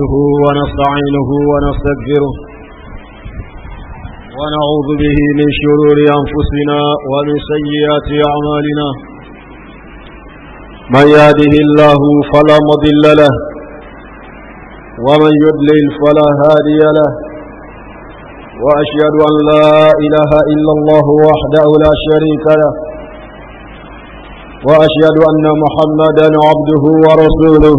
نحمده ونستعينه ونستغفره ونعوذ به من شرور أنفسنا ومن سيئات أعمالنا من يهده الله فلا مضل له ومن يضلل فلا هادي له وأشهد أن لا إله إلا الله وحده لا شريك له وأشهد أن محمدا عبده ورسوله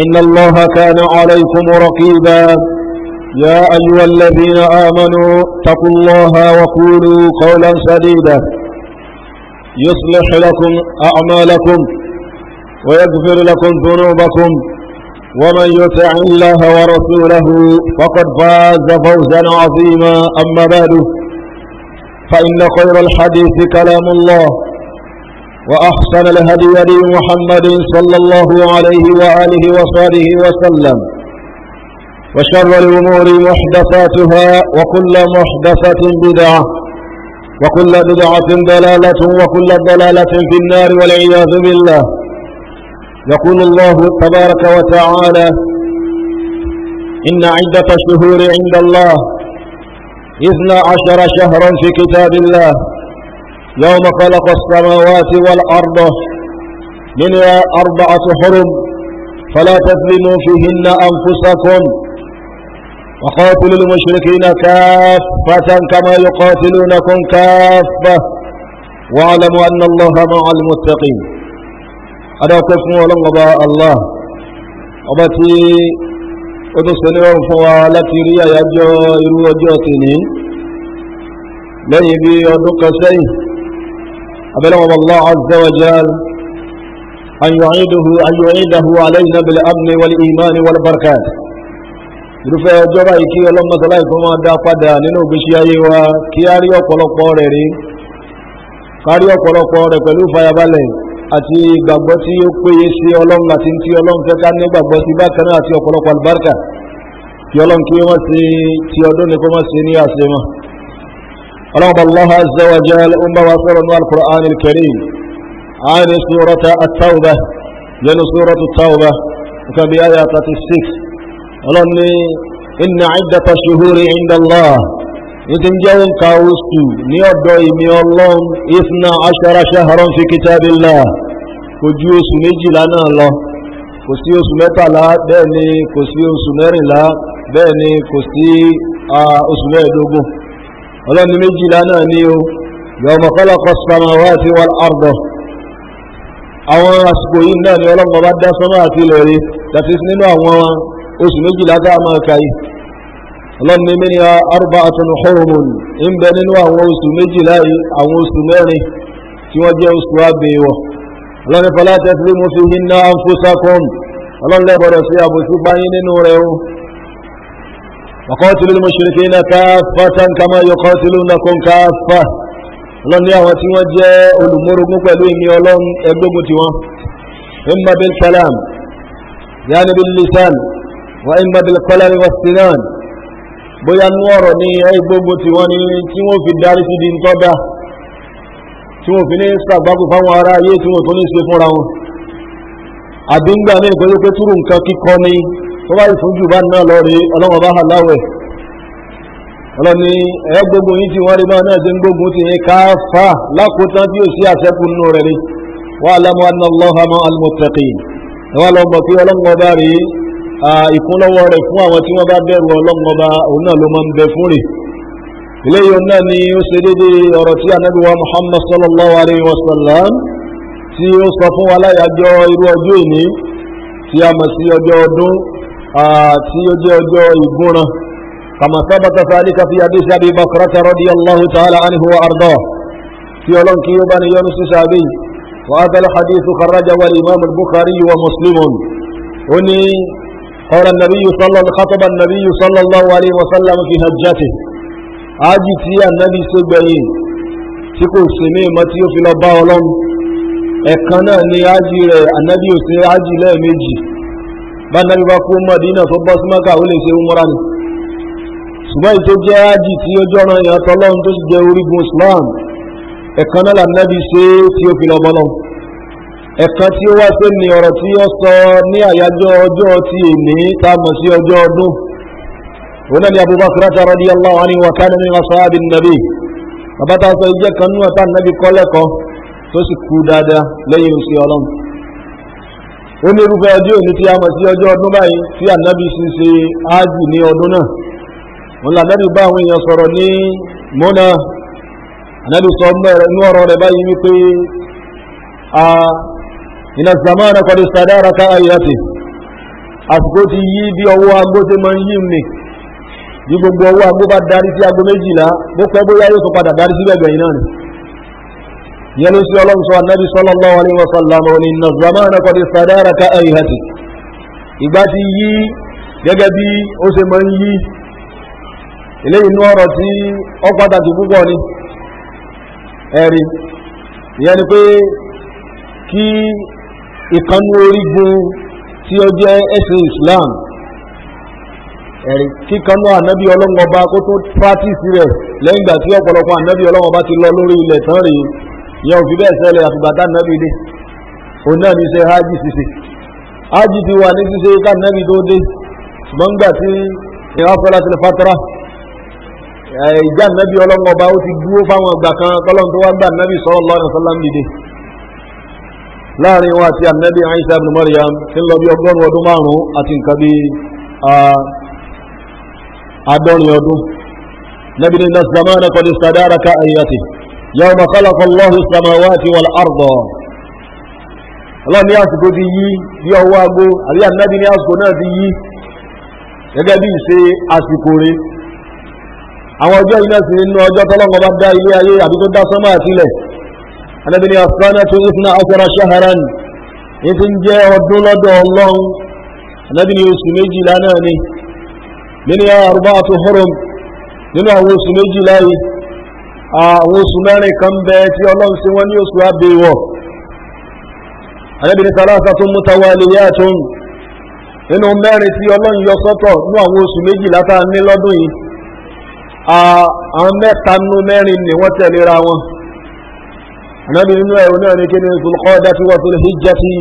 إن الله كان عليكم رقيبا يا أيها الذين آمنوا اتقوا الله وقولوا قولا سديدا يصلح لكم أعمالكم ويغفر لكم ذنوبكم ومن يطع الله ورسوله فقد فاز فوزا عظيما أما بعد فإن خير الحديث كلام الله وأحسن الهدي هدي محمد صلى الله عليه وآله وصحبه وسلم وشر الأمور محدثاتها وكل محدثة بدعة وكل بدعة ضلالة وكل ضلالة في النار والعياذ بالله يقول الله تبارك وتعالى إن عدة الشهور عند الله إثنا عشر شهرا في كتاب الله يوم خلق السماوات والأرض منها أربعة حرم فلا تظلموا فيهن أنفسكم وقاتلوا المشركين كافة كما يقاتلونكم كافة واعلموا أن الله مع المتقين أنا تسمو ولنقضى الله وبتي ودسنوا فوالتي ريا يجو يرو تنين لن يبي يدك أبلغ الله عز وجل أن يعيده أن يعيده علينا بالأمن والإيمان والبركات irúfẹ́ ọjọ́ báyìí kí ọlọ́mọsọláì máa dá padà nínú ìgbésí ayé wa kí á rí ọ̀pọ̀lọpọ̀ rẹ̀ rí ká rí ọ̀pọ̀lọpọ̀ rẹ̀ pẹ̀lú ìfàyàbalẹ̀ àti ìgbàgbọ́ tí ó péye sí ọlọ́run àti tí ọlọ́run fẹ́ ká ní gbàgbọ́ sí bákan náà àti ọ̀pọ̀lọpọ̀ àlùbáríkà kí ọlọ́run kí wọ́n ti ti ọdún ní kó má ṣe ní àṣemọ́. رغب الله عز وجل أم وصيرا والقرآن الكريم عن سورة التوبة لأن سورة التوبة كبآية 36 ولني إن عدة شهور عند الله إذن جون كاوست نيودوي ميولون إثنا عشر شهرا في كتاب الله كجوس نجي الله kò sí oṣù mẹ́tàlá bẹ́ẹ̀ ni kò sí oṣù mẹ́rìnlá ọlọ́ni méjìlá náà ní o yawma khalaqa as-samawati wal-arda àwọn àsìkò yìí náà ni ọlọ́mọ bá dá sánmà àti ilẹ̀ rí tàbí nínú àwọn oṣù méjìlá tá a máa ka yìí ọlọ́ni mímí ni arba'atun hurumun ń bẹ nínú àwọn oṣù méjìlá yìí àwọn oṣù mẹ́rin tí wọ́n jẹ́ oṣù àbẹ̀wọ̀ ọlọ́ni fala tazlimu fihinna anfusakum ọlọ́ni lẹ́bọ̀rọ̀ sí àbòsí báyìí nínú rẹ̀ o وقاتلوا المشركين كافة كما يقاتلونكم كافة lọ́ni àwọn tí wọ́n jẹ́ olùmọ́rogún pẹ̀lú ìmí ọlọ́run ẹgbógun tiwọn imma bil kalam yaani bil lisan wa imma bil qalami wa sinan bóyá nú ọ̀rọ̀ ní ẹgbógun tiwọn ni tí wọ́n fi darí sí di ń tọ́da tí wọ́n fi ní sàgbákò fáwọn ará ayé tí wọ́n tó ní ṣe fúnra wọn àbí ń gbà ní ìkọ́jú pé túrù nǹkan kíkọ ni tó bá ìfúnjù bá náà lọ rí ọlọ́wọ́ bá hà láwẹ̀ ọlọ́ni ẹ̀yọ́ gbogbo yìí tí wọ́n rí máa náà jẹ́ gbogbo ti yẹn ká fà lákòótán tí ó sí àṣẹ́kù nínú rẹ̀ rí wà á lámọ́ anna Allaha ma al-muttaqin ẹ̀wọ́n lọ mọ̀ pé ọlọ́wọ́ bá rí ìkúnlọ́wọ́ rẹ̀ fún àwọn tí wọ́n bá bẹ̀rù ọlọ́wọ́ bá òun náà ló máa ń bẹ fún rè eléyìí náà ni ó ṣe a mọ̀ sí ọjọ́ ọdún tí ó jẹ́ ọjọ́ ìgbóná kama sábàtà sáàlìkà fi àdé sábì bakrata radiyallahu ta'ala anhu wa arda tí ọlọ́n kí ó bá ní yọnu sí sábì wa adal hadithu kharraja wal imam al-bukhari wa muslimun ó ní قال النبي صلى الله خطب النبي صلى الله عليه وسلم في حجته ájì tí ànábì ṣe gbẹ̀yìn tí kò sí ní ìmọ̀ tí fi lọ bá ọlọ́run ẹ̀kan náà ni ájì rẹ̀ ànábì ò ṣe ájì lẹ́ẹ̀mejì bá nàbí bá kú Mádínà tó bọ́ sí Mákà ó lè ṣe umra ni ṣùgbọ́n èyí tó jẹ́ ájì tí ó jọ́ran ìyá tọ́lọ́run tó sì jẹ́ orígun Islam ẹ̀kan náà lànàbí ṣe tí ó fi lọ bọ́lọ́ ẹ̀kan tí ó wá sí ni ọ̀rọ̀ tí ó sọ ní àyájọ́ ọjọ́ ti èní tá a mọ̀ sí ọjọ́ ọdún òun ni Abubakar radiyallahu anhu wa kana min ashabi nabi bàbá tá a ìjẹ́ kan nú ọ̀tá nàbí tó sì kú dáadáa lẹ́yìn òsì ọlọ́run ó ní irúfẹ́ ọjọ́ òní tí a mọ̀ sí ọjọ́ ọdún báyìí tí ànábì sì ṣe áàjì ní ọdún náà wọn lànàbì bá àwọn èèyàn sọ̀rọ̀ ní mọ́nà ànábì sọ ní ọ̀rọ̀ rẹ̀ báyìí wípé a iná zamana kọ́dí sàdára ká ayàtì àsìkò ti yí bí ọwọ́ agbó ti máa ń yí mi bí gbogbo ọwọ́ agbó bá darí sí agbó méjìlá bó pẹ́ bóyá yóò tún padà darí sí bẹ̀gbẹ̀ yìí náà yẹn ló sí ọlọ́run sọ anábì sallallahu alaihi wasallam ní inna zamana qad sadara ka ayhati ìgbà ti yí gẹ́gẹ́ bí ó ṣe máa ń yí ilé inú ọ̀rọ̀ tí ó pàtàkì púpọ̀ ni ẹ̀rí ìyẹn ni pé kí ìkanú orígun tí ó jẹ́ ẹ̀sìn Islam ẹ̀rí kíkanú ànábì ọlọ́run ọba kó tó pátìsì rẹ̀ lẹ́yìn ìgbà tí ọ̀pọ̀lọpọ̀ ànábì ọlọ́run ti lọ lórí ilẹ̀ tán rèé yẹn ò fi bẹ́ẹ̀ ṣẹlẹ̀ àfìgbàtà nàbì dé òun náà ní ṣe hajj ṣiṣe hajj ti wà ní ṣiṣe ká nàbì tó dé gbọ́ngbà tí ìhà fọlá ti fatara ìjà nàbì ọlọ́ngọba ó ti dúró fáwọn ọgbà kan kọ́lọ́n tó wá gbà nàbì sallallahu alaihi wasallam dìde láàrin wa àti ànábì Isa ibn Maryam tí ń lọ bí ọgọ́rùn ọdún márùn-ún àti nǹkan bí àádọ́rin ọdún nàbì ní nasdamana kọ́ni sadara يوم خلق الله السماوات والأرض الله ní àsìkò ti yí bí ọwọ́ agbó àbí ànábì ní àsìkò náà ti yí gẹ́gẹ́ bí ìṣe àsìkò rẹ̀ àwọn ọjọ́ yìí náà sì nínú ọjọ́ tọ́lọ́gbọ́n bá dá ilé ayé àbí tó dá sánmà sílẹ̀ ànábì ní asana tó ìfúnná asara shaharan ní ń jẹ́ ọdún lọ́dọ̀ ọlọ́run ànábì oṣù méjìlá náà ni nínú àrùbá àti nínú àwọn oṣù méjìlá yìí Ah, àwọn oṣù mẹ́rin kan bẹ tí ọlọ́run sí wọn ní oṣù abẹ́wọ̀ àdẹ́bìnrin sàlásà tó mú tawà lèyà tó ń nínú mẹ́rin tí ọlọ́run yọ sọ́tọ̀ ní àwọn oṣù méjìlá tá a ní lọ́dún yìí ah, àwọn mẹ́ta nú mẹ́rin ni wọ́n tẹ̀léra wọn àdẹ́bìnrin nínú ẹ̀rọ náà ní kí ni zulqadati wa zulhijjati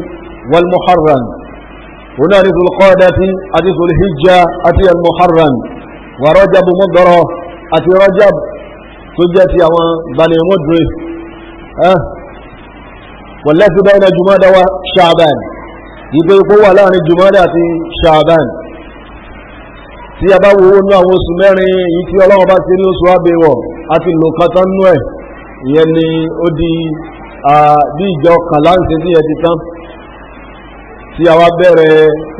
wal muharram هنا للقادة أتي الهجة أتي المحرم ورجب مضرة أتي رجب tó jẹ́ ti àwọn ìbánimọ̀ dùn wọ́n lẹ́sí báyìí náà jùmọ́dá wa ṣàbàn ìgbé ipò wà láàrin jùmọ́dá àti ṣàbàn tí a bá wo owó ní àwọn oṣù mẹ́rin yìí tí ọlọ́run bá ṣe ní oṣù abẹ́wọ̀ àti lòkàtà nú ẹ̀ ìyẹn ni ó di bí ìjọ kàláǹsì tí ẹ ti tán tí a wá bẹ̀rẹ̀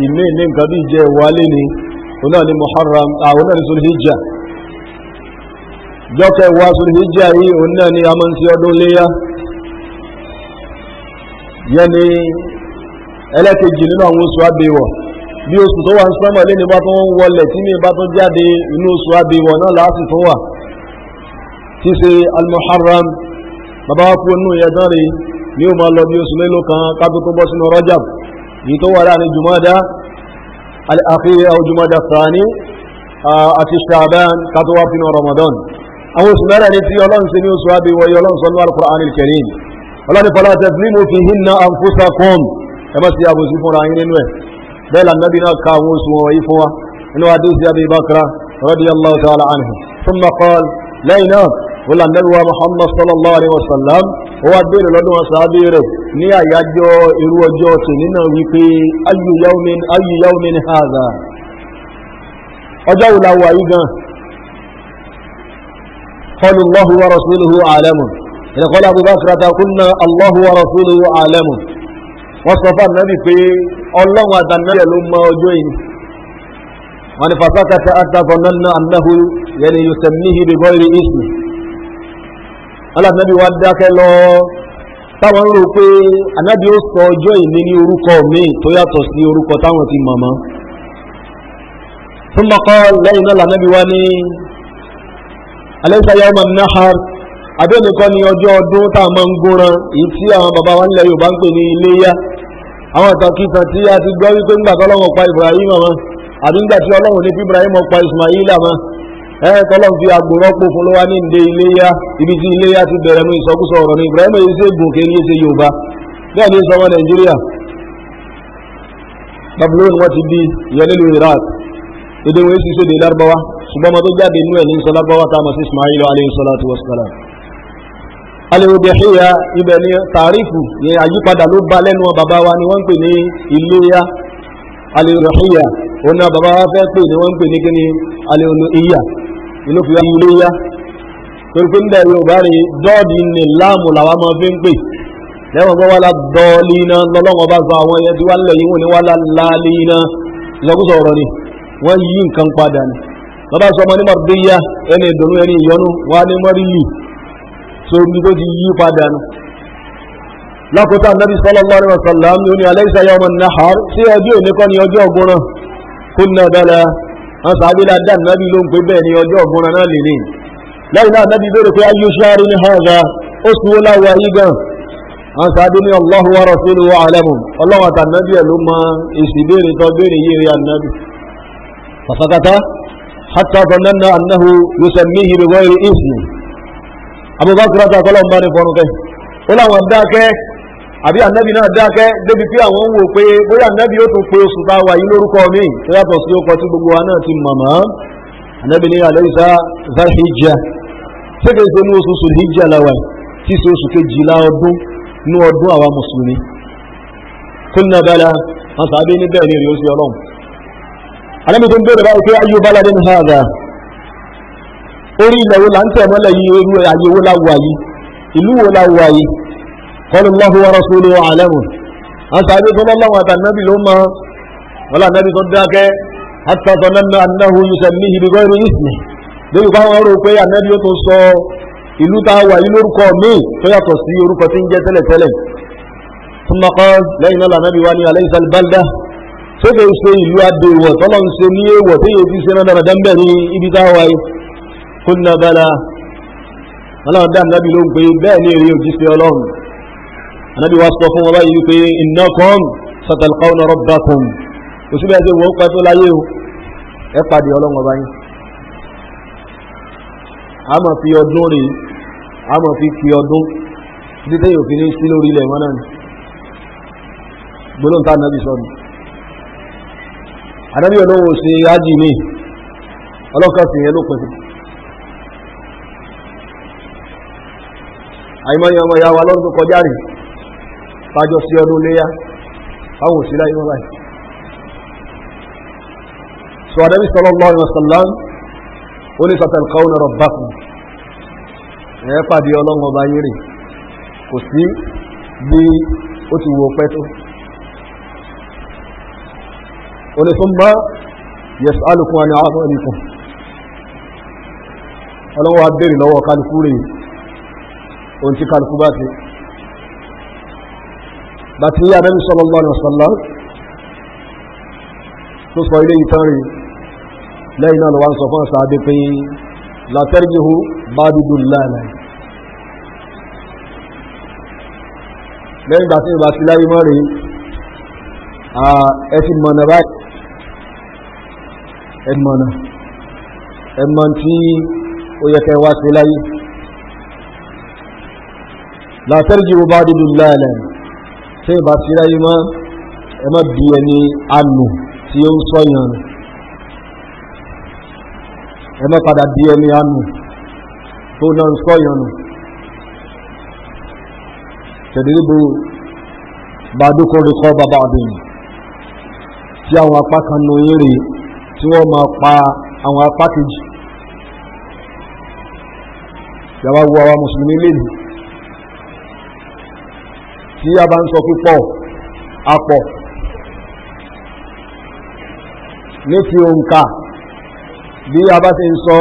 ìmí ní nǹkan bí ìjẹ́ ìwálé ni onáà ni muharram àwọn náà ni sulhijjah dọ́kẹ̀ wá sùlùhíjà yìí òun náà ni a máa ń ṣe ọdún léyá yẹn ni ẹlẹ́kejì nínú àwọn oṣù abẹ́wọ̀ bí oṣù tó wà ń sọ́mọ̀ lé ní bá tó ń wọlẹ̀ tí ní bá tó jáde inú oṣù abẹ́wọ̀ náà láti tó wà tí ṣe al-muharram bàbá wa fún inú yẹn rí ní o máa lọ bí oṣù mélòó kan kájú tó bọ́ sínú rajab yìí tó wà láàrin jùmọ́dá al-akhir jùmọ́dá fani àti shaban kájú wá fínú ramadan àwọn oṣù mẹ́rẹ̀ ní tí ọlọ́run ṣe ní oṣù àbí wọ̀nyí ọlọ́run sọ ní Al-Qur'anil Karim ọlọ́run fọlá tazlimu fihinna anfusakum ẹ má ṣe àbòsí fúnra yín nínú ẹ̀ bẹ́ẹ̀ la nàbí náà ka àwọn oṣù wọ̀nyí fún wa inú adé sí Abi Bakra radiyallahu ta'ala anhu thumma qala lẹ́yìn náà wọ́n la nàbí wa Muhammad sallallahu alayhi wa sallam ó قال الله ورسوله أعلم إذا قال أبو بكر قلنا الله ورسوله أعلم وصف النبي في الله وتنبي الأمة وجوين وأن فسكت حتى ظننا أنه يعني يسميه بغير اسم قال النبي وداك الله táwọn rò pé anábì ó sọ ọjọ́ ìní ní orúkọ míì tó yàtọ̀ sí orúkọ táwọn ti mọ̀mọ́. fún mọ́kọ́ lẹ́yìn náà lànàbí wá ní alẹ́sà yawma nahar abẹ́nìkan ní ọjọ́ ọdún tá a máa ń gúnran èyí tí àwọn bàbá wa nílẹ̀ yorùbá ń pè ní iléyá àwọn ìtàkìtàn tí a ti gbọ́ wípé ńgbà tí ọlọ́run pa ibrahim àmọ́ àbí ńgbà tí ọlọ́run ní ibrahim pa ismail àmọ́ ẹ tọ́lọ́run fi àgbò rọ́pò fún ló wá ní ìdè iléyá ibi tí iléyá ti bẹ̀rẹ̀ mú ìsọkúsọ ọ̀rọ̀ ní ibrahim èyí ṣe gùn kéré ṣe yorùbá bẹ́ẹ̀ ni sọmọ nàìjíríà babylon wọ́n ti bí ìyẹn nílùú èdè wọn èsì sóde lárúbáwá ṣùgbọ́n ọmọ tó jáde inú ẹ̀ ní sọ lárúbáwá tá a mọ̀ sí ismail alayhi salatu wa salam alẹ́wọ̀dẹ̀híyà ibẹ̀ ni tàrífù yẹn àyípadà ló bá lẹ́nu bàbá wa ni wọ́n ń pè ní iléyà alẹ́wọ̀dẹ̀híyà òun náà bàbá wa fẹ́ pè ní wọ́n ń pè ní kíni alẹ́wọ̀dẹ̀híyà inú fi wá iléyà torí pé nílẹ̀ yorùbá rè dọ́ọ̀dì ní láàmù làwọn máa fi ń pè lẹ́wọ̀n bá wà lá dọ́ọ̀lì iná lọ́lọ́wọ́n bá sọ àwọn ẹyẹ tí wà lẹ̀ yìí wọ́n ni wà lá láàlì iná lọ́kùsọ̀ ọ̀rọ̀ ni wọ́n yí nǹkan padà ni bàbá sọ ọmọ ní mọ̀rọ̀díyà ẹni ìdùnnú ẹni ìyọnu wà ní mọ́rílì tó ní tó ti yí padà nù lákòótá nàbí sallallahu alaihi wasallam ní oní alaysa yawmun nahar sí ọjọ́ ìníkọ́ ní ọjọ́ ọgbọ́nà kunna bala wọn sàbí ládà nàbí ló ń pè bẹ́ẹ̀ ní ọjọ́ ọgbọ́nà náà lè ní lẹ́yìn náà nàbí bẹ̀rẹ̀ pé ayé ṣáàrí ní hadha ó sì wó láwọ ayé gan wọn sàbí ní Allahu wa rasuluhu a'lamu ọlọ́wọ́n àtànàbí ẹ̀ ló mọ èsì béèrè tó béèrè yìí ànàbí فسكت حتى ظننا أنه يسميه بغير اسم أبو بكر رضي الله عنه bani fọnù kẹ́ ó láwọn dákẹ́ àbí ànábì náà dákẹ́ débi pé àwọn ń wò pé bóyá ànábì ó tún pe oṣù tá a wà yìí lórúkọ mi tó yàtọ̀ sí ọkọ̀ tí gbogbo wa náà ti mọ̀mọ́ ànábì ní àlẹ́sà zahijja ṣéke ṣe ní oṣù sùnìjà làwà tí ṣe oṣù kejìlá ọdún ní ọdún àwa mùsùlùmí kúnnabala wọn tàbí níbẹ̀ ní èrè oṣù ọlọ́run alábi tó ń bèrè báyìí pé ayé báládé ní hàdà orí ilẹ̀ wo là ń tẹ̀ mọ́lẹ̀ yìí irú ayé wo la wà yìí ìlú wo la wà yìí kọ́lù Allahu wa rasuluhu alamu àti àbí tó lọ́wọ́ àtànábì ló mọ wọ́n ànábì tó dákẹ́ hatta zananna annahu yusammihi bi ghayri ismi lórí báwọn rò pé ànábì ó tó sọ ìlú tá a wà yìí lórúkọ míì tó yàtọ̀ sí orúkọ tí ń jẹ́ tẹ́lẹ̀tẹ́lẹ̀ fún mọ́kàn lẹ́yìn náà lànàbì wa ní alaysa al-balda tó kẹ́ ṣe ìlú adéwọ̀ tọ́lọ̀ ń ṣe ní èèwọ̀ tí yóò fi ṣe náà dára dánbẹ̀ ní ibi táwa kúnna bala aláwọ̀ dá ànábì ló ń pè bẹ́ẹ̀ ní èrè òjíṣẹ́ ọlọ́run ànábì wa sọ fún wọn báyìí wípé innakum satalqawna rabbakum kò síbẹ̀ ṣe wọ́n pẹ́ tó láyé o ẹ pàdé ọlọ́run ọba yín a máa fi ọdún rèé a máa fi fi ọdún títí tẹ́yìn òfin ní sí lórí ilẹ̀ wọn náà gbólóǹtà ànábì sọ̀rọ̀ àdábí ọlọ́wọ́ ṣe ájì ní ọlọ́kà sí yẹn ló pẹ̀lú àìmọ́yẹ ọmọ ìyá wa lọ́dún kọjá rí pàjọ sí ọdún léyá àwọn òṣìlá inú láì so àdábí sallallahu alaihi wasallam ó ní satalqawna rabbakum ẹ̀ pàdé ọlọ́run ọba yìí rè kò sí bí ó ti wo pẹ́ tó oní tó ń bá yẹsù alùkún àni àwọn ẹnìkan ọlọ́wọ́ abẹ́rẹ̀ lọ́wọ́ kálukú rẹ̀ ohun tí kálukú bá ti bá ti yí Ànábì sallallahu alaihi wasallam tó sọ ilé ìtàn rẹ̀ lẹ́yìn náà lọ́wọ́ sọ fún àṣà adé pé látẹ́rìjìhù bá dúdú láàrín lẹ́yìn ìgbà tí ìbá láyé mọ́ rẹ̀ ẹ̀sìn mọ̀nà báyìí ẹmọ̀nà ẹmọ̀ tí ó yẹ kẹ́ wá sí láyé látẹ́rìjì bó bá dúdú láàlẹ̀ tí ìbá sí láyé mọ́ ẹmọ̀ bí ẹni ànù tí ó ń sọ́yàn ẹmọ̀ padà bí ẹni ànù tó náà ń sọ́yàn tẹ̀lé bó bá dúkọ́ rí kọ́ bàbá ọdún tí àwọn apá kan nù yín rèé tí wọ́n máa pa àwọn apá kejì yàrá wo àwa mùsùlùmí lèlú tí a bá ń sọ pípọ̀ apọ̀ ní ti òǹkà bí a bá ti ń sọ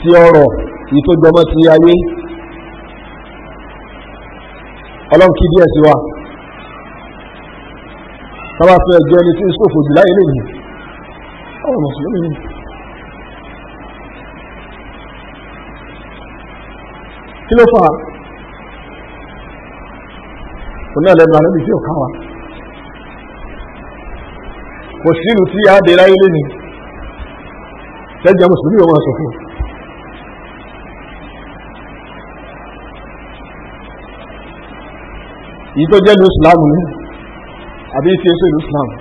ti ọ̀rọ̀ ìtòjọmọ́ ti ayé ọlọ́run kí díẹ̀ sí wa tábà fún ẹjọ́ ẹni tí ń ṣòfò jù láyé lèyìn àwọn mùsùlùmí ni kí ló fà á kò ní ẹ̀lẹ́nu àrẹ́bì tí ò káwà kò sí ìlú tí a dé láyé lé ní tẹ́jẹ́ mùsùlùmí ò máa sọ fún yìí tó jẹ́ ìlú ìsìlámù ní àbí ìfẹ́ ìlú ìsìlámù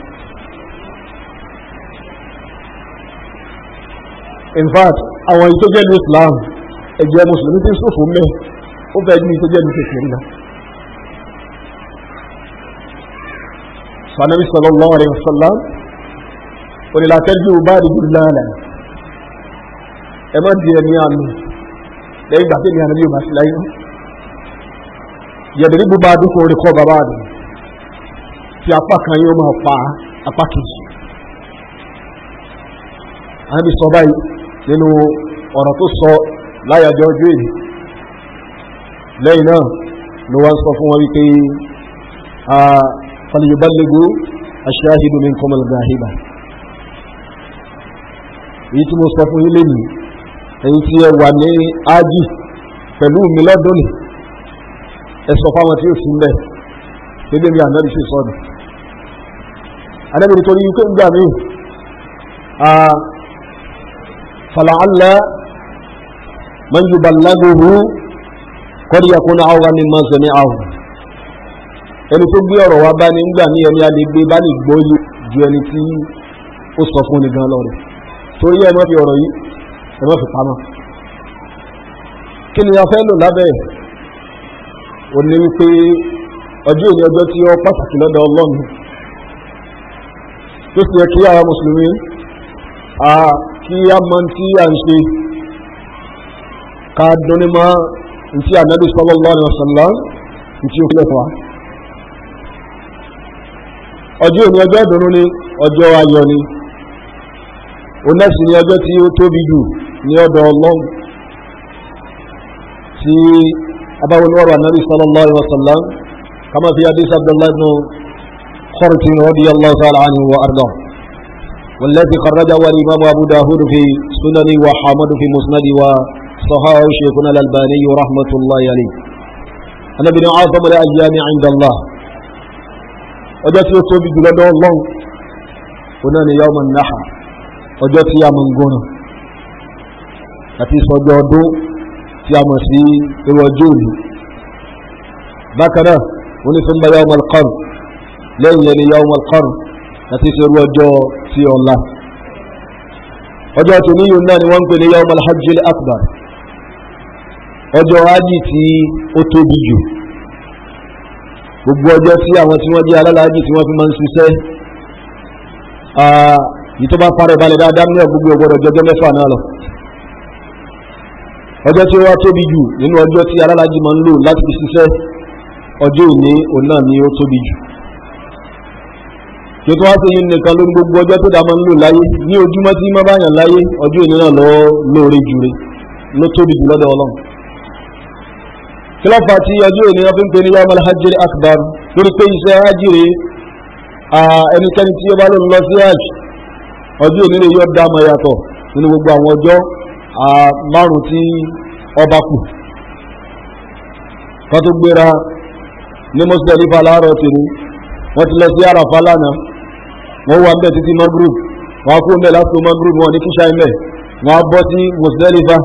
in fact àwọn èyí tó jẹ́ ní Islam ẹ̀jẹ̀ mùsùlùmí ti ń sòfò mẹ́ ó fẹ́ ní tó jẹ́ ní kékeré lọ. sanabi sallallahu alayhi wa sallam onílàtẹ́jú bá di gùdùlánà ẹ má di ẹni àmì lẹ́yìn ìgbà tí ènìyàn ní yorùbá sí láyé yẹ̀dẹ̀rí gbogbo àdúgbò orí kọ́ bàbá rẹ̀ tí apá kan yóò máa pa apá kejì. àbí sọ báyìí nínú ọ̀rọ̀ tó sọ láyàjọ ojú èyí lẹ́yìn náà ló wá ń sọ fún wọn wípé a falyuballighu ash-shahidu minkum al-gha'iba èyí tí mo sọ fún yín lẹ́nu èyí tí ẹ wà ní ájì pẹ̀lú mi lọ́dún ni ẹ sọ fáwọn tí ó sì ń gẹ́gẹ́ bí ànábì ṣe sọ ni ànábì nítorí wípé ń gbà mí فلعل من يبلغه قد يكون عورا مما سمعه ẹni tó gbé ọ̀rọ̀ wá bá ní ńgbà ní ẹni alégbé bá lè gbọ́ yìí ju ẹni tí ó sọ fún ni gan lọ rẹ̀ torí ẹ má fi ọ̀rọ̀ yìí ẹ má fi pamọ́ kí ni a fẹ́ lò lábẹ́ ẹ̀ ò ní wípé ọjọ́ ìní ọjọ́ tí ó pàtàkì lọ́dọ̀ ọlọ́run tó sì yẹ kí àwa mùsùlùmí kí a mọ tí a ń ṣe ká dúnni mọ́ ntí ànábì sallallahu alaihi wasallam ntí ó kílẹ̀ fún wa. ọjọ́ òní ọjọ́ ìdùnnú ni ọjọ́ ayọ̀ ni onẹ́sì ni ọjọ́ tí ó tóbi jù ní ọ̀dọ̀ ọlọ́run tí abáwọn ọ̀rọ̀ ànábì sallallahu alaihi wasallam kama fi hadith abdullahi ibn khurtin radiyallahu ta'ala anhu wa ardahu. والذي خرجه الإمام أبو داود في سنن وحامد في مسند وصحاه شيخنا الألباني رحمة الله عليه أنا بن عاصم الأيام عند الله ọjọ́ tí ó tóbi jùlọ lọ́wọ́ lọ́wọ́ oná ni yawm an-nahr ọjọ́ tí a mọ̀ ń gbọ́nà àti ìsọjọ́ ọdún tí a mọ̀ sí irú ọjọ́ òní bákan náà onífẹ́ńbà yawm al-qarn lẹ́yìn ẹni yawm al-qarn àti ìṣòro ọjọ́ tí ọ̀la ọjọ́ tòní yìí náà ni wọ́n ń pè ní yawmal hajjil akbar ọjọ́ ájì tí ó tóbi jù gbogbo ọjọ́ tí àwọn tí wọ́n jẹ́ alálàájì tí wọ́n fi máa ń ṣiṣẹ́ yìí tó bá parẹ́ balẹ̀ dáadáa ní ọgbogbo ọgbọ́dọ̀ jọjọ́ mẹ́fà náà lọ ọjọ́ tí ó wá tóbi jù nínú ọjọ́ tí alálàájì máa ń lò láti fi ṣiṣẹ́ ọjọ́ ìní òun náà ni ó tóbi jù tó tó wá sí yín nìkan lórí gbogbo ọjọ́ tó dáa máa ń lò láyé ní ojúmọ́ tí mọ́ báyàn láyé ọjọ́ òní náà lọ lóore jùre ló tóbi jù lọ́dọ̀ ọlọ́run kí ló tí ọjọ́ òní wọn fi ń pè ní yamal hajjiri akbar lórí pé iṣẹ́ hajjiri ẹnikẹ́ni tí ó bá lòun lọ sí hajj ọjọ́ òní lè yọ dá mọ́ yàtọ̀ nínú gbogbo àwọn ọjọ́ márùn tí ọba kù kó tó gbéra ní mọ́sílẹ̀ láàárọ̀ tèmi wọ́n ti lọ sí àràfà lánàá wọ́n wà mbẹ́ títí magrub wọ́n kú mbẹ́ lásìkò magrub wọn ní kíṣà mbẹ́ wọ́n bọ́ sí Musdalifa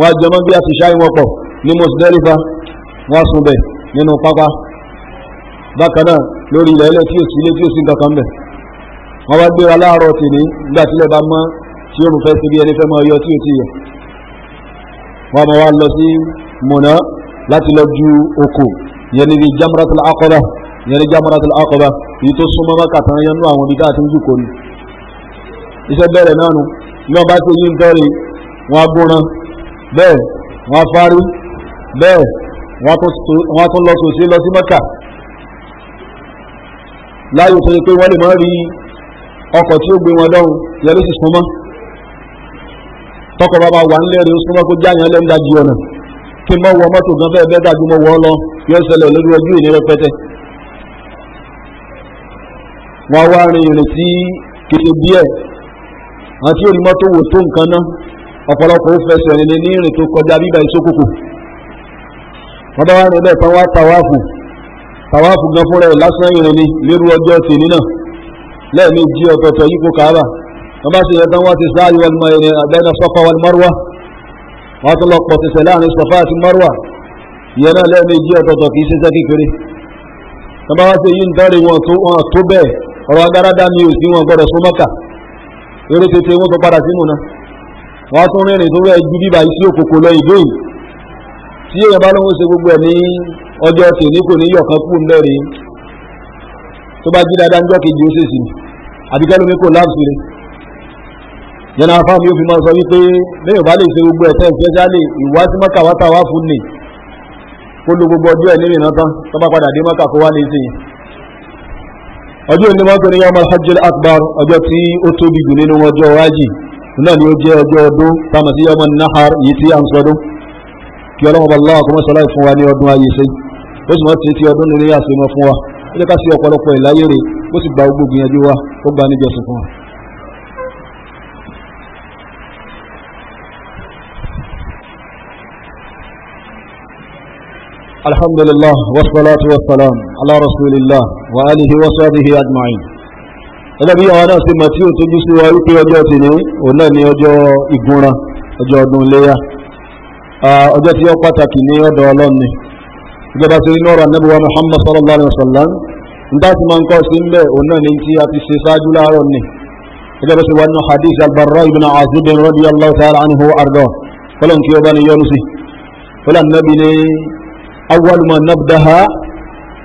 wọ́n jọmọ́ bí àtìṣà wọn pọ̀ ní Musdalifa wọ́n sùn bẹ̀ nínú pápá bákan náà lórí ilẹ̀ ilẹ̀ tí ò sí ilé tí ò sí nǹkan bẹ̀ wọ́n wá gbéra láàárọ̀ tèmi nígbà tílẹ̀ bá mọ́ tí òun fẹ́ síbi ẹni fẹ́ mọ́ ọyọ tí ò ti yẹ wọ́n mọ̀ wá lọ sí Mùnà láti lọ ju oko yẹn níbi Jamratul Aqaba ìyẹn ní jamaratul akọba èyí tó súnmọ́ mọ́kàtà yẹn nú àwọn ibìdá àti njúkọ ni iṣẹ́ bẹ̀rẹ̀ náà nu náà bá ṣe yín fẹ́rẹ̀ wọn agbóran bẹ́ẹ̀ wọn afárí bẹ́ẹ̀ wọn tún lọ sòṣè lọ sí mọ́kà láyò tó yẹ pé wọ́n lè má rí ọkọ̀ tí ó gbé wọn lọ́hùn yẹn ló sì súnmọ́ tọkọ bàbá wà nílẹ̀ ó súnmọ́ kó jáyàn lẹ́nu dájú ọ̀nà kí n mọ̀ wọ mọ́tò gan bẹ́ẹ̀ bẹ́ẹ̀ dájú mọ̀ wọ́ lọ yóò ṣẹlẹ̀ lórí ọjọ́ ìní rẹpẹtẹ wọ́n wá rin ìrìn sí kété díẹ̀ àti onímọ̀ tó wò tó nǹkan náà ọ̀pọ̀lọpọ̀ ó fẹsẹ̀ rìn ní ìrìn tó kọjá bíbá ìsókòkò wọ́n bá wá rìn bẹ́ẹ̀ tán wá tàwáàfù tàwáàfù gan fúnra ẹ̀ lásán ìrìn ni lérú ọjọ́ tèmi náà lẹ́ẹ̀mejì ọ̀tọ̀ọ̀tọ̀ yípo kàábà wọ́n bá sì yẹ tán wá ti sáà yíwọ́n mọ ìrìn àbẹ́nà sọ́fà wọn márùwá wọ́n tún lọ pọ̀ tẹ̀sẹ̀ láàrin sọ́fà àti márùwá ìyẹn náà lẹ́ẹ̀mejì ọ̀tọ̀ọ̀tọ̀ ọ̀rọ̀ agbáradá ni ò sí wọn gbọ́dọ̀ sún mọ́kà eré tètè wọ́n tó padà sí múna wọ́n tún rìnrìn tó rẹ̀ ju bíbá iṣẹ́ òkòkò lọ ìgbé yìí tí èèyàn bá lóun ṣe gbogbo ẹ̀ ní ọjọ́ tèmi kò ní yọ̀kan kú mẹ́rin tó bá jí dáadáa níjọ́ kejì ó ṣèṣì àbí kẹ́lú mi kò láàbùsì rẹ̀ yẹn afá mi ó fi máa sọ wípé lẹ́yìn bá lè ṣe gbogbo ẹ̀ tẹ́ẹ̀ fẹ́ṣálì ìwá sí ni kó lo gbogbo ọjọ́ ẹ̀ nírìnà tán ọjọ́ ní wọ́n pè ní yamal hajjil akbar ọjọ́ tí ó tóbi jù nínú ọjọ́ wájì náà ni ó jẹ́ ọjọ́ ọdún táwọn sí yamal nahar yìí tí a ń sọdún kí ọlọ́mọba aláwọ̀ kọ́mọ́ sọlá fún wa ní ọdún ayé ṣe ó sì mọ́ ti ti ọdún nílé àṣemọ́ fún wa ó jẹ́ ká sí ọ̀pọ̀lọpọ̀ ìláyèrè ó sì gba gbogbo ìyànjú wa ó gba níjọsìn fún wa. الحمد لله والصلاة والسلام على رسول الله وآله وصحبه أجمعين ẹlẹ́bí àwọn náà sí màtí ò tójú sí wa wípé ọjọ́ ti ní òun náà ní ọjọ́ ìgúnran ọjọ́ ọdún iléyà ọjọ́ tí ó pàtàkì ní ọ̀dọ̀ ọlọ́run ni ìjọba sí inú ọ̀rọ̀ anábíwá Muhammad sallallahu alaihi wa sallam ń dá sí máa ń kọ́ sí ń bẹ̀ òun náà ní tí a ti ṣe ṣáájú láàárọ̀ ni ìjọba sí wa nínú hadith albarra ibn azib radiyallahu ta'ala anhu ardo kọlọ́n kí ó bá ní yọ́nu sí kọlọ́n nábì ní أول ما نبدأها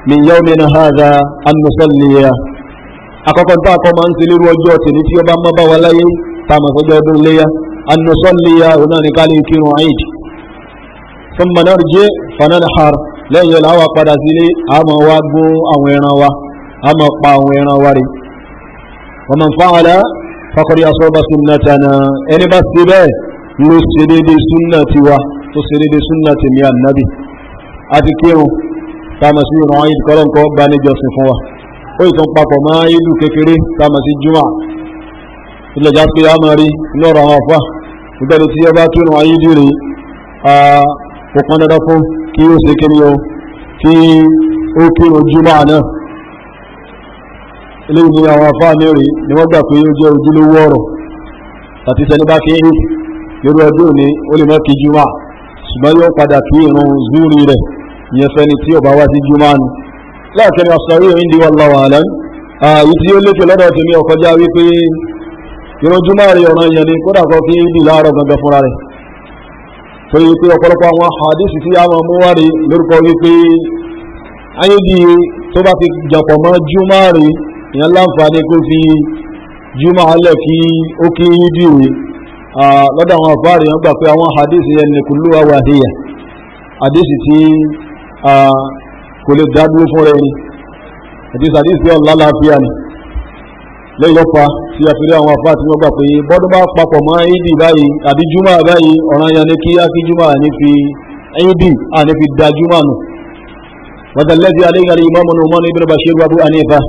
من يومنا هذا أن نصلي àkọ́kọ́ tá a kọ́ máa ń ṣe lérú ọjọ́ tèmi tí ó bá mọ́ bá wa láyé tá a mọ̀ sọ́jọ́ ọdún léyà أن نصلي òun náà ní ká lè kírun Eid ثم نرجع فننحر lẹ́yìn ọ̀la wa padà sílé a máa wá gún àwọn ẹran wa a máa pa àwọn ẹran wa rè ومن فعل فقد أصاب سنتنا ẹni bá ṣe bẹ́ẹ̀ ló ṣe déédéé súnà tiwa tó ṣe déédéé súnà tèmi ànábì àti kírun táàmà sí ìrun ayé kọ́lọ́nkọ́ gba níjọsìn fún wa ó ìtàn papọ̀ mọ́ ìlú kékeré táàmà juma ilẹ̀ já pé a máa rí lọ́rọ̀ àwọn àfà ìgbẹ́ni tí ọba tó ìrun ayé dìrì kò pọn dandan fún kí ó ṣe kí ni o kí ó kírun juma náà eléyìí ni àwọn àfà mẹ́rin ni wọ́n gbà pé ó jẹ́ ojúlówó ọ̀rọ̀ àti sẹni bá kí lórí ọdún òní ó lè mọ́ kí juma ṣùgbọ́n yóò padà kí ìrun zúrí rẹ̀ ìyẹn fẹ́ni tí ó bá wá sí jùmọ́nù láàkiri àṣàrí òyìn di wallahu alam ààyè tí ó lékè lọ́dọ̀ tèmi ọ̀kọjá wípé ìrun jùmọ́ rí ọ̀ràn yẹn ni kódà kan fi bí láàárọ̀ gangan fúnra rẹ̀ torí pé ọ̀pọ̀lọpọ̀ àwọn àdìsí tí a máa mú wá rí lórúkọ wípé ayédi tó bá ti jàpọ̀ mọ́ jùmọ́ rí ìyẹn láǹfààní kó fi jùmọ́ alẹ́ kí ó kí yí dì rí lọ́dọ̀ àwọn àfáàrí wọn gbà pé àwọn àdìsí yẹn ni kulluha wahiya àdìsí tí kò lè dá dúró fún rẹ̀ ni àdìsí àdìsí ọ̀la láàfíà ni lẹ́yìn lọ́pa tí a fi rí àwọn afá tí wọ́n gbà pé bọ́dún bá papọ̀ mọ́ ìdì báyìí àbí júmọ́ báyìí ọ̀ràn yẹn ni kí á kí júmọ́ àní fi ìdì àní fi da júmọ́ nù. wàdàlẹ́bí aléyàrí imáàmù Nu'man ibn Bashir Abu Hanifa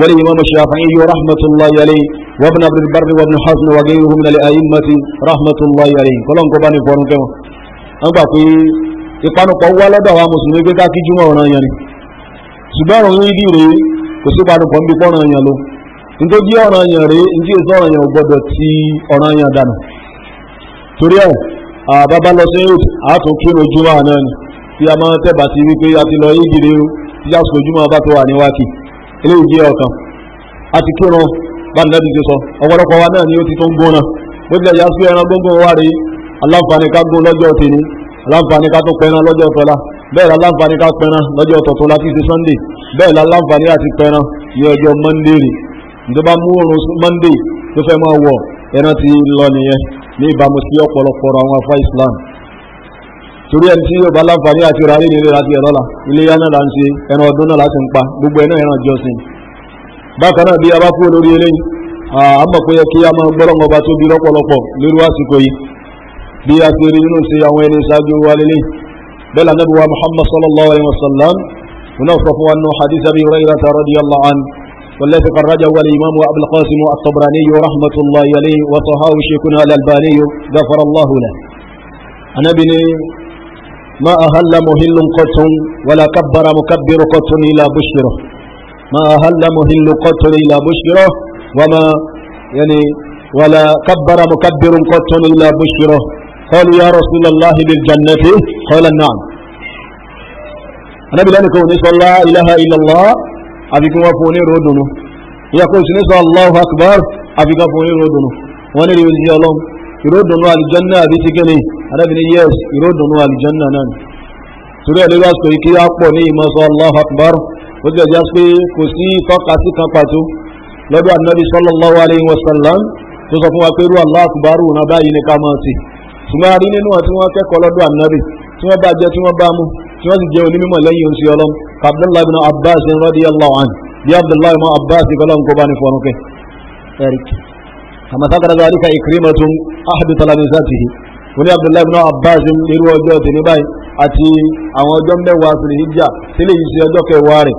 wal imam Shafi'i rahmatullahi alayhi wa ibn Abd al-Barr wa ibn Hazm wọ́n gbà ìpanupọ̀ wá lọ́dọ̀ àwọn mùsùlùmí pé káàkiri júmọ̀ ọ̀ràn yẹn ni ṣùgbọ́n ọ̀ràn yẹn dìre kò sí panupọ̀ ń bí pọ́nrán yẹn lọ nítorí ọ̀ràn yẹn rèé nítorí èso ọ̀ràn yẹn ò ti ọ̀ràn yẹn dànù torí ẹ̀ bàbá lọ sí yóò àátún kí ní àná ni tí a máa tẹ̀bà sí wípé a ti lọ yí gidi tí a sọ ojúmọ́ bá tó wà níwájú eléyìí jẹ́ ọ̀kan láǹfààní ká tó pẹran lọ́jọ́ ọ̀tọ̀la bẹ́ẹ̀ la láǹfààní ká pẹran lọ́jọ́ ọ̀tọ̀tọ̀la tí í ṣe sunday bẹ́ẹ̀ la láǹfààní àti pẹran ní ọjọ́ monday rè tó bá mú oorun monday tó fẹ́ máa wọ̀ ẹran ti lọ nìyẹn ní ìbámu sí ọ̀pọ̀lọpọ̀ àwọn afá islam torí ẹni tí yóò bá láǹfààní àti rárá ilé ilé láti ẹ̀rọ la ilé yá náà là ń ṣe ẹran ọdún náà láti ń pa gbogbo ẹ̀ náà ẹran ìjọsìn bákan náà bí a bá kúrò lórí eléyìí àmọ̀ pé kí a máa gbọ́dọ̀ tó bí lọ́pọ̀lọpọ̀ lórí àsìkò yìí bí a ti rí nínú sí àwọn ẹni ṣáájú wa lélẹ̀ bẹ́ẹ̀ lànà bí wa muhammad sallallahu alayhi wa sallam wọn sọ fún wa nù hadith abi hurayrata radiyallahu anhu والذي خرجه الإمام أبو القاسم الطبراني رحمة الله عليه وصحاه شيخنا الألباني غفر الله له أنا بني ما أهل مهل قط ولا كبر مكبر قط إلى بشره ما أهل مهل قط إلى بشره وما يعني ولا كبر مكبر قط إلى بشره قالوا يا رسول الله للجنة قال نعم النبي لأنك ونسى لا إله إلا الله أبيكم وفوني رودنو يقول سنسى الله أكبر أبيكم وفوني رودنو وانا ريوزي الله يرودنو على الجنة أبي تكني أنا بني يس يرودنو على الجنة نان torí ẹ̀lẹ́gbẹ́ àsìkò yìí kí á pọ̀ ní ìmọ̀sán Allahu Akbar ó jẹ́ ìjà pé kò sí ìtọ́ka sí kan pàtó أكبر Ànábì sallallahu alayhi wa ṣùgbọ́n a rí nínú wọn tí wọ́n kẹ́kọ̀ọ́ lọ́dọ̀ ànábì tí wọ́n bá jẹ tí wọ́n bá mu tí wọ́n sì jẹ́ onímọ̀ lẹ́yìn oṣù ọlọ́m abdullahi bin abbas radiyallahu anhu bí abdullahi bin abbas kọ́lọ́m kó bá ní fọ́nù kẹ́ eric àmàtàkàrà gàdí ka ikrimatun ahadu talamisatihi ó ní abdullahi bin abbas irú ọjọ́ tèmi báyìí àti àwọn ọjọ́ mẹ́wàá sí hijja sílẹ̀ yìí sí ọjọ́ kẹwàá rẹ̀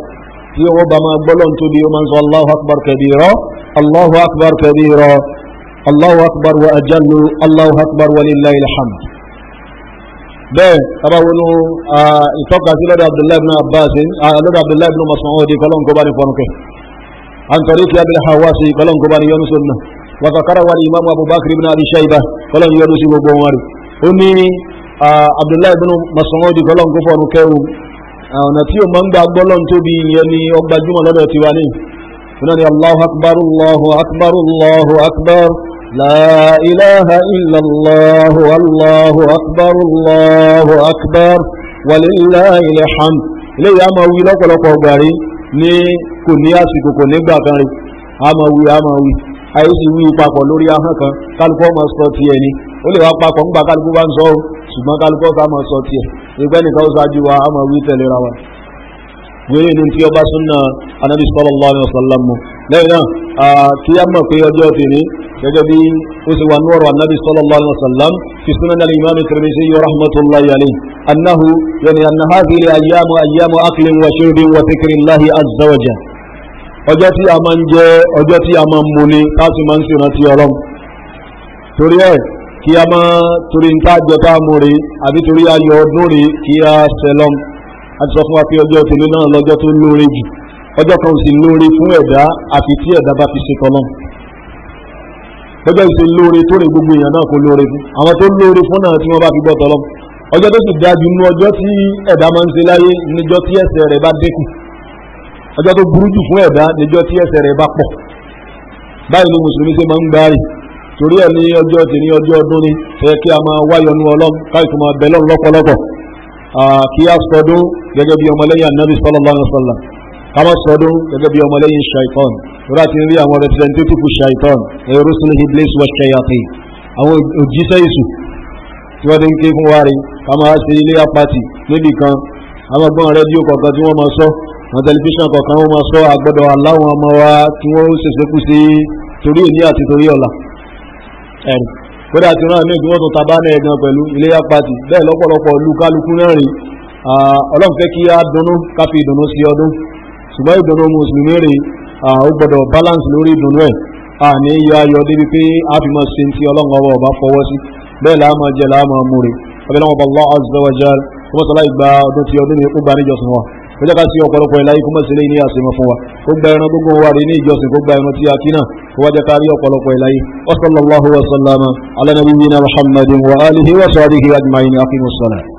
tí Allahu akbar wa ajallu Allahu akbar wa lillahi alhamd bẹ́ẹ̀ abawonu ìtọ́kasí lọ́dọ̀ abdullahi ibn abbas lọ́dọ̀ abdullahi ibn mas'ud kọ́lọ́n kó bá ní fọnukẹ́ an tariqi abil hawasi kọ́lọ́n kó bá ní yọnu sunna wa zakara wal imam abubakar ibn abi shayba kọ́lọ́n yọnu sí gbogbo wọn rí ó ní abdullahi ibn mas'ud kọ́lọ́n kó fọnukẹ́ o ọ̀nà tí o máa ń gba gbọ́lọ́n tóbi ìyẹn ni ọgbà jùmọ̀ lọ́dọ̀ tiwa ní ìnáni allahu akbar allahu akbar allahu akbar لا إله إلا الله والله أكبر الله أكبر ولله الحمد ilé yìí a máa wí lọ́pọ̀lọpọ̀ gbàrí ní kò ní àsìkò kò nígbà kan rí a máa wí a máa wí ayé sì wí papọ̀ lórí ahọ́n kan kálukọ́ máa sọ ti ẹ̀ ni ó lè wá papọ̀ nígbà kálukọ́ bá ń sọ ọ́ ṣùgbọ́n kálukọ́ ká máa sọ ti ẹ̀ ẹgbẹ́ nìkan ó ṣáájú wa a máa wí tẹ̀léra wa wéré ní tí ọba súnà anabi sallallahu alaihi wasallam lẹ́yìn náà kí a mọ̀ pé ọjọ́ tèmi gẹ́gẹ́ bí ó ti wà ní ọ̀rọ̀ anabi sallallahu alaihi wasallam fi sunan al-imam Tirmidhi rahmatullahi alayhi annahu yani anna hadhihi ayyamu ayyamu aklin wa shurbin wa dhikrillahi azza wa jalla ọjọ́ tí a máa ń jẹ ọjọ́ tí a máa ń mu ni káàsì máa ń ṣèrántí ọlọ́run torí ẹ̀ kí a máa torí ń tá jẹ tá a mú rí àbí torí ayọ̀ ọdún rí kí a ṣẹlọ́mù a ti sọ fún wa pé ọjọ́ tèmi náà lọ́jọ́ tó lóore jù ọjọ́ kan sì lóore fún ẹ̀dá àfi tí ẹ̀dá bá fi ṣe tọ́lọ́ ọjọ́ ìṣe lóore tó rè gbogbo èèyàn náà kó lóore fún àwọn tó lóore fún náà tí wọ́n bá fi bọ́ tọ́lọ́ ọjọ́ tó sì dájú nú ọjọ́ tí ẹ̀dá máa ń ṣe láyé níjọ́ tí ẹ̀ṣẹ̀ rẹ̀ bá dínkù ọjọ́ tó burú jù fún ẹ̀dá níjọ́ tí ẹ̀ṣẹ̀ rẹ̀ bá pọ̀ báyìí ni mùsùlùmí ṣe máa ń gbáàrì torí ẹ̀ ní ọjọ́ tèmi ọjọ́ ọdún ni fẹ́ kí a máa wáyọ̀ nú ọlọ́run káyìí tó máa bẹ̀ lọ́run lọ́pọ̀lọpọ̀ Ah, kí a sọdún gẹ́gẹ́ bí ọmọlẹ́yìn anabi sallallahu alaihi wa sallam kama sọdún gẹ́gẹ́ bí ọmọlẹ́yìn shaitan rúra ti rí àwọn representative shaitan ẹ̀rọ sínú iblis wa shayati àwọn òjíṣẹ́ èṣù tí wọ́n ti ń ké fún wa rí kama ṣe ilé apáti níbì kan àwọn gbọ́n rédíò kọ̀ọ̀kan tí wọ́n máa sọ àwọn tẹlifíṣàn kọ̀ọ̀kan wọ́n máa sọ àgbọ̀dọ̀ aláwọn ọmọ wa tí wọ́n ṣèṣekú sí torí èní àti torí ọ̀la ẹ̀rù kódà tí náà ní ìgbìmọ̀ tó tabá náà gan pẹ̀lú iléyà pati bẹ́ẹ̀ lọ́pọ̀lọpọ̀ lu kálukú náà rí ọlọ́run fẹ́ kí á dunnú ká fi ìdùnnú sí ọdún ṣùgbọ́n ìdùnnú mùsùlùmí rè ó gbọ́dọ̀ balance lórí ìdùnnú ẹ̀ àní yọ ayọ̀ débi pé a fi mọ̀ sí ti ọlọ́run ọba ọba fọwọ́ sí bẹ́ẹ̀ láàmọ̀ jẹ́ láàmọ̀ múre abẹ́lẹ́wọ̀n bá lọ́ ó jẹ́ ká sí ọ̀pọ̀lọpọ̀ ìlà ikú mọ̀sílẹ̀ ní àṣemọ̀ fún wa ó gba ẹran gbogbo wa rí ní ìjọsìn kó gba ẹran tí a kí náà kó wá ká rí ọ̀pọ̀lọpọ̀ ìlà yìí wa sallallahu wa sallama ala nabiyyina muhammadin wa alihi wa sahbihi ajma'in aqimus salah